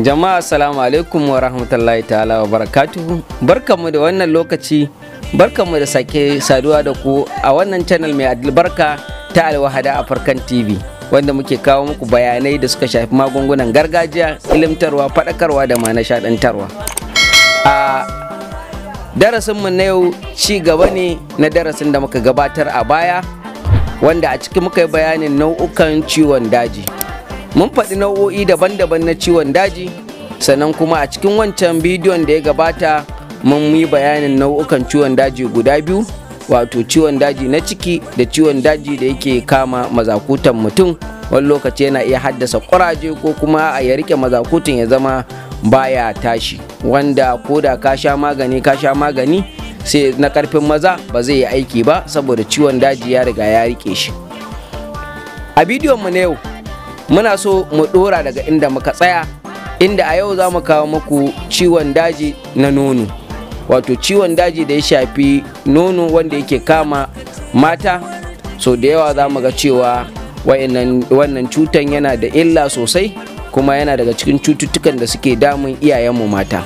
jama'a assalamu alaikum wa rahmatullahi ta'ala wa barakatuhu barkamu da wannan lokaci barkamu da sake saduwa da ku a wannan channel mai albarka ta alwahada a farkan tv wanda muke kawo muku bayanai da suka shafi magungunan gargajiya ilimtarwa fadakarwa da ma nishaɗantarwa a darasinmu na yau ci gaba ne na darasin da muka gabatar a baya wanda a ciki muka yi bayanin nau'ukan ciwon daji mun faɗi nau'o'i daban-daban na ciwon daji sannan kuma a cikin wancan bidiyon da ya gabata mun yi bayanin nau'ukan ciwon daji guda biyu wato ciwon daji na ciki da ciwon daji da yake kama mazakutan mutum wani lokaci yana iya haddasa kuraje ko kuma a ya rike mazakutan ya zama baya tashi wanda ko da ka sha magani ka sha magani sai na karfin maza ba zai yi aiki ba saboda ciwon daji ya riga ya rike shi a bidiyon mu na yau muna so mu dora daga inda muka tsaya inda a yau za mu kawo muku ciwon daji na nono wato ciwon daji da ya shafi nono wanda yake kama mata so da yawa za mu ga cewa wannan cutan yana da illa sosai kuma yana daga cikin cututtukan da suke damun iyayenmu mata.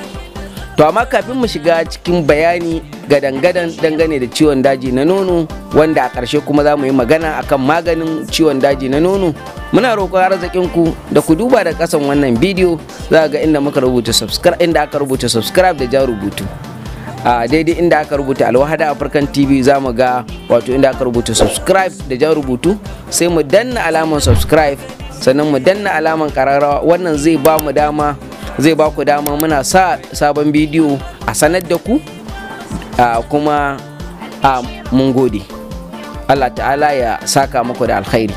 to amma kafin mu shiga cikin bayani gadan-gadan dangane da ciwon daji na nono wanda a ƙarshe kuma za mu yi magana akan maganin ciwon daji na nono muna roƙon ku da ku duba da ƙasan wannan bidiyo za ga inda muka rubuta subscribe inda aka rubuta subscribe da ja rubutu a daidai inda aka rubuta alwahada african tv za mu ga wato inda aka rubuta subscribe da ja rubutu sai mu danna alamar subscribe sannan mu danna alamar ƙararrawa wannan zai ba mu dama zai ba ku dama muna sa sabon bidiyo a sanar da ku kuma mun gode Allah ta'ala ya saka maku da alkhairi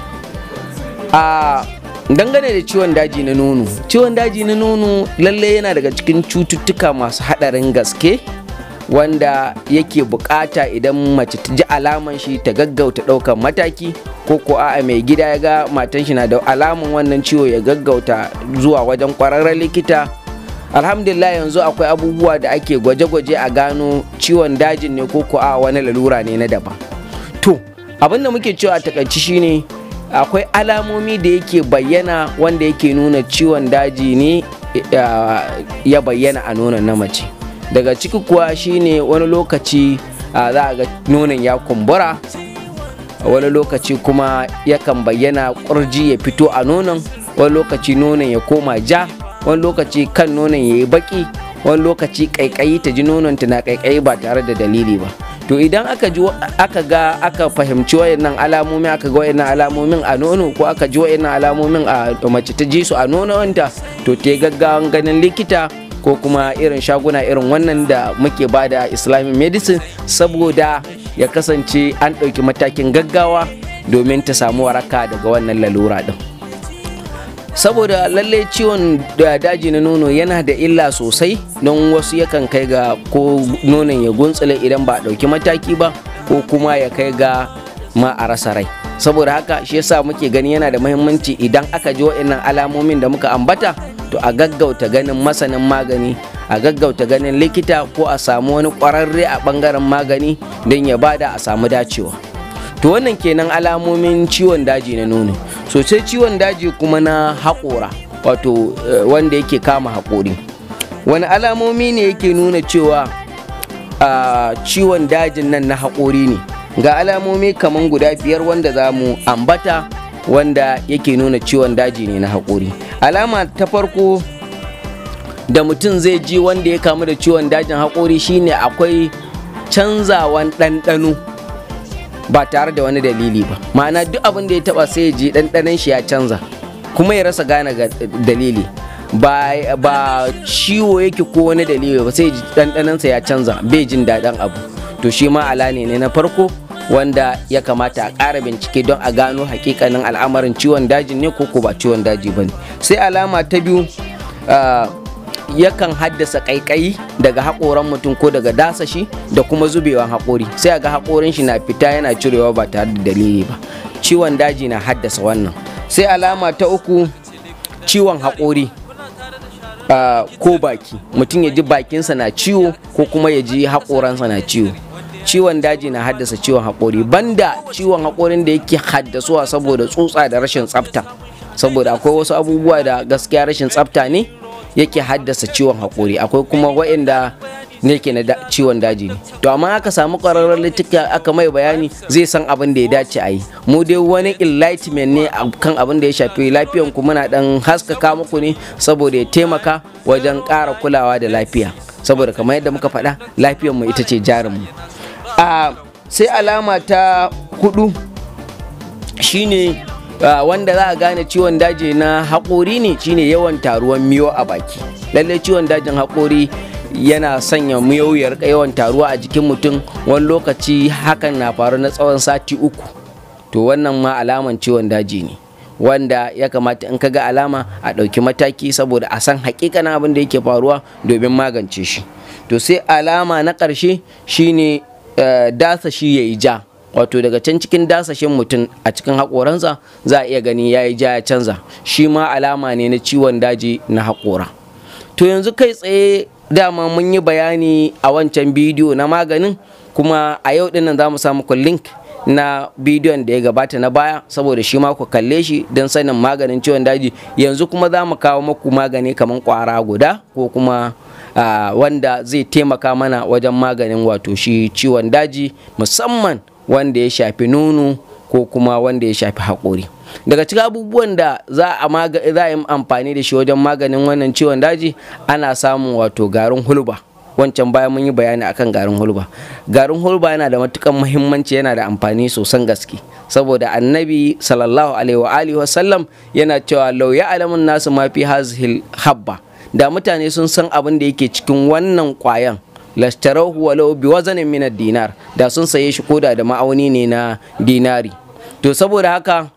a dangane da ciwon daji na nono ciwon daji na nono lalle yana daga cikin cututtuka masu haɗarin gaske wanda yake bukata idan mace ta ji alaman shi ta gaggauta daukan mataki ko ko a mai gida ya ga matan shi na da alaman wannan ciwo ya gaggauta zuwa wajen kwararren likita alhamdulillah yanzu akwai abubuwa da ake gwaje-gwaje a gano ciwon dajin ne ko ko a wani lalura ne na daban to abin da muke cewa a takaici shine akwai alamomi da yake bayyana wanda yake nuna ciwon daji ne eh, ya bayyana a nonon na mace daga ciki kuwa shine wani lokaci za a ga nonon ya kumbura wani lokaci kuma yakan bayyana kurji ya fito a nonon wani lokaci nonon ya koma ja wani lokaci kan nonon ya yi baki wani lokaci ƙaiƙayi ta ji nonon ta na ƙaiƙayi ba tare da dalili ba to idan aka ji aka ga aka fahimci wayannan alamomi aka ga wayannan alamomin a nono ko aka ji wayannan alamomin a mace ta ji su a nononta to ta gaggawan ganin likita ko kuma irin shaguna irin wannan da muke bada da islamic medicine saboda ya kasance an ɗauki matakin gaggawa domin ta samu waraka daga wannan lalura ɗin saboda lallai ciwon da daji na nono yana da illa sosai don wasu yakan kai ga ko nonon ya guntsule idan ba a ɗauki mataki ba ko kuma ya kai ga ma a rasa rai saboda haka shi yasa muke gani yana da muhimmanci idan aka ji waɗannan alamomin da muka ambata to a gaggauta ganin masanin magani a gaggauta ganin likita ko a samu wani kwararre a bangaren magani don ya bada a samu dacewa to wannan kenan alamomin ciwon daji na nono sosai ciwon daji kuma na haƙora wato eh, wanda yake kama haƙori wani alamomi ne yake nuna cewa ah, ciwon dajin nan na haƙori ne ga alamomi kaman guda biyar wanda za mu ambata wanda yake nuna ciwon daji ne na haƙuri alama ta farko da mutum zai ji wanda ya kamu da ciwon dajin haƙuri shine akwai canzawan ɗanɗano ba tare da wani dalili ba ma'ana duk abin da ya taba sai ya ji ɗanɗanon shi ya canza kuma ya rasa gane ga dalili ba, ba ciwo yake ko wani dalili ba sai ya ji ɗanɗanonsa ya canza bai jin daɗin abu to shi ma ala ne na farko wanda ya kamata a ƙara bincike don a gano hakikanin al'amarin ciwon daji ne ko ba ciwon daji ba ne sai alama ta biyu ah, yakan haddasa ƙaiƙayi daga haƙoran mutum ko daga dasa shi da kuma zubewan haƙori sai ga haƙorin shi na fita yana cirewa ba tare da dalili ba ciwon daji na haddasa wannan sai alama ta uku ciwon haƙori ah, ko baki mutum ya ji bakinsa na ciwo ko kuma ya ji haƙoransa na ciwo ciwon daji na haddasa ciwon haƙori banda ciwon haƙorin da yake haddasuwa saboda tsutsa da rashin tsafta saboda akwai wasu abubuwa da gaskiya rashin tsafta ne yake haddasa ciwon haƙori akwai kuma waɗanda ne ke na ciwon daji ne to amma aka samu ƙwararren littika aka mai bayani zai san abin da ya dace a yi mu dai wani enlightenment ne kan abin da ya shafi lafiyan ku muna dan haskaka muku ne saboda ya taimaka wajen ƙara kulawa da lafiya saboda kamar yadda muka faɗa lafiyan mu ita ce jarin sai alama ta hudu shine wanda za a gane ciwon daji na haƙori ne shine yawan taruwan miyo a baki lallai ciwon dajin haƙori yana sanya miyo ya rika yawan taruwa a jikin mutum wani lokaci hakan na faru na tsawon sati uku to wannan ma alaman ciwon daji ne wanda ya kamata in ka ga alama a ɗauki mataki saboda a san hakikanin abin da yake faruwa domin magance shi to sai alama na ƙarshe shine Eh, dasa shi ya yi ja wato daga can cikin dasashin mutum a cikin haƙoransa za a iya gani ya yi ja ya canza shi ma alama ne na ciwon daji na haƙora to yanzu kai tsaye dama mun yi bayani a wancan bidiyo na maganin kuma a yau dinnan za mu samu link na bidiyon da ya gabata na baya saboda shi ma ku kalle shi don sanin maganin ciwon daji yanzu kuma za mu kawo maku magani kamar kwara guda ko kuma wanda zai taimaka mana wajen maganin wato shi ciwon daji musamman wanda ya shafi nono ko kuma wanda ya shafi haƙori daga cikin abubuwan da za a yi amfani da shi wajen maganin wannan ciwon daji ana samun wato garin hulba wancan bayan mun yi bayani akan garin hulba garin hulba yana da matukan muhimmanci yana da amfani sosan gaske saboda annabi sallallahu alaihi wa alihi wasallam yana cewa law ya'lamun nasu ma fi hazhil habba da mutane sun san abin da yake cikin wannan kwayan lastarahu walau bi wazanin minad dinar da sun saye shi koda da ma'auni ne na dinari to saboda haka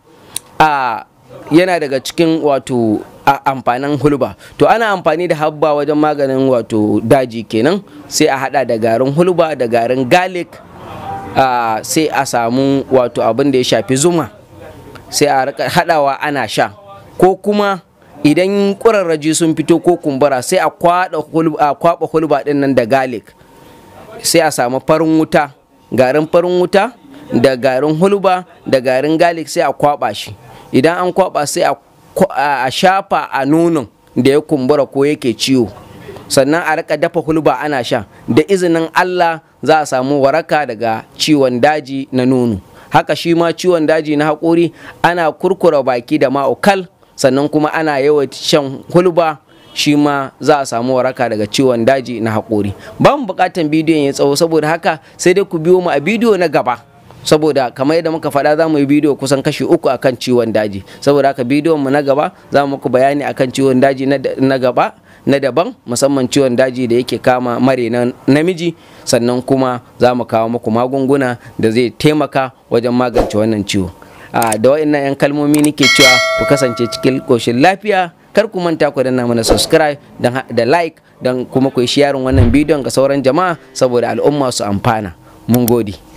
a yana daga cikin wato a amfanin hulba to ana amfani da habba wajen maganin wato daji kenan sai a hada da garin hulba da garin garlic sai a samu wato abin da ya shafi zuma sai a hadawa ana sha ko kuma idan ƙurarraji sun fito ko kumbura sai a kwaɓa hulba ɗin nan da garlic sai a samu farin wuta garin farin wuta da garin hulba da garin garlic sai a kwaba shi idan an kwaba sai a a shafa a nonon da ya kumbura ko yake ciwo sannan a rika dafa hulba ana sha da izinin Allah za a samu waraka daga ciwon daji na nono haka shi ma ciwon daji na haƙori ana kurkura baki da ma'aukal sannan kuma ana yawan shan hulba shi ma za a samu waraka daga ciwon daji na haƙori ba mu buƙatar bidiyon ya tsawo saboda haka sai dai ku biyo mu a bidiyo na gaba saboda kamar yadda muka faɗa za mu yi bidiyo kusan kashi uku akan ciwon daji saboda haka bidiyon mu na gaba za mu muku bayani akan ciwon daji na gaba na daban musamman ciwon daji da yake kama mare na namiji sannan kuma za mu kawo muku magunguna da zai taimaka wajen magance wannan ciwo a da wa'annan 'yan kalmomi nake cewa ku kasance cikin koshin lafiya kar ku manta ku danna mana subscribe da like don kuma ku yi sharing wannan bidiyon ga sauran jama'a saboda al'umma su amfana mun gode